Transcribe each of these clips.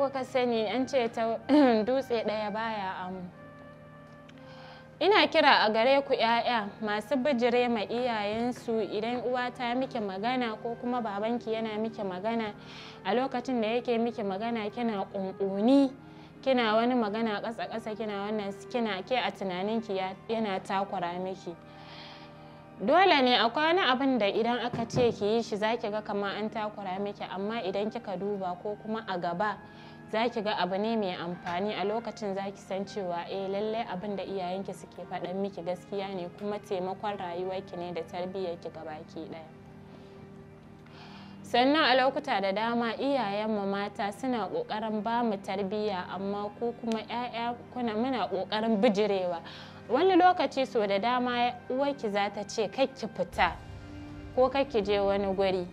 ko ka sani an ce ta dutse ɗaya baya amu um, ina kira a gare ku ‘ya'ya masu bijire ma iyayensu idan uwa ta miki magana ko kuma babanki yana miki magana a lokacin da yake miki magana kina ƙunƙuni kina wani magana ƙasa-ƙasa kina wannan kina ke a tunaninki yana takura miki dole ne akwai wani abin da idan aka ce ki yi shi zaki ga kama an takura miki amma idan kika duba ko kuma a gaba zaki ga abu ne mai amfani a lokacin zaki san cewa eh lallai abin da iyayenki suke faɗan miki gaskiya ne kuma taimakon rayuwarki ne da tarbiyyarki gabaki ɗaya sannan a lokuta da dama iyayen mu mata suna ƙoƙarin ba mu tarbiyya amma ku kuma 'ya'ya kuna muna ƙoƙarin bijirewa wani lokaci so da dama uwarki za ta ce ki fita ko ki je wani guri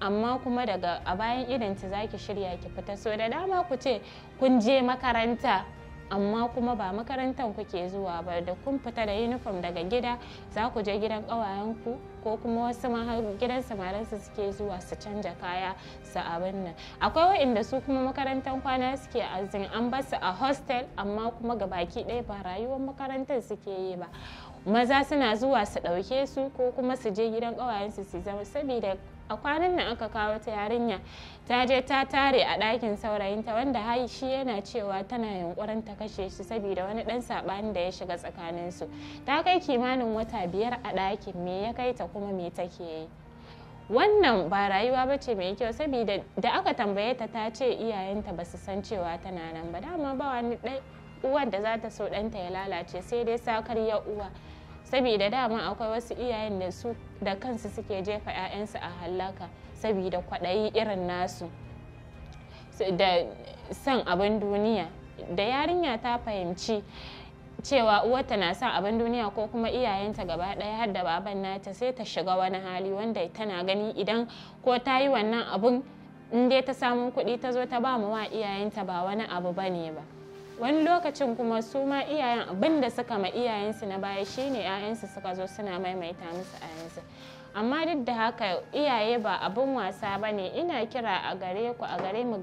amma kuma daga a bayan idanta za ki shirya ki fita so da dama ku ce kun je makaranta amma kuma ba makarantar ku ke zuwa ba da kun fita da uniform daga gida za ku je gidan ƙawayenku ko kuma wasu gidan samaransu suke zuwa su canja kaya su abin nan akwai waɗanda su kuma makarantar kwana suke azin an ba su a hostel amma kuma ga baki ɗaya ba rayuwar makarantar suke yi ba maza suna zuwa su ɗauke su ko kuma su je gidan ƙawayensu su zama saboda a kwanan nan aka kawo ta yarinya ta je ta tare a ɗakin saurayinta wanda hai shi yana cewa tana yunkurin ta kashe shi saboda wani ɗan saɓani da ya shiga tsakaninsu ta kai kimanin wata biyar a ɗakin me ya kai ta kuma me take yi wannan ba rayuwa ba ce mai kyau saboda da aka tambaye ta ta ce iyayenta ba su san cewa tana nan ba dama ba wani uwar da za ta so ɗanta ya lalace sai dai sakar ya uwa saboda dama akwai wasu iyayen da su da kansu suke jefa 'ya'yansu a halaka saboda kwaɗayi irin nasu da son abin duniya da yarinya ta fahimci cewa uwarta na son abin duniya ko kuma iyayenta gaba ɗaya har da baban nata sai ta shiga wani hali wanda tana gani idan ko ta yi wannan abin in dai ta samu kuɗi ta zo ta ba mu wa iyayenta ba wani abu ba ne ba wani lokacin kuma su ma iyayen abin da suka ma iyayensu na baya shine 'ya'yansu suka zo suna maimaita musu a yanzu amma duk da haka iyaye ba abin wasa ba ne ina kira a gare ku a gare mu